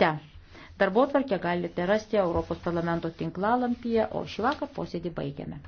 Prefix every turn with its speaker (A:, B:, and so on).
A: ryte. Darbo tvarkę galite rasti Europos parlamento tinklalampyje, o šį vakar posėdį baigiame.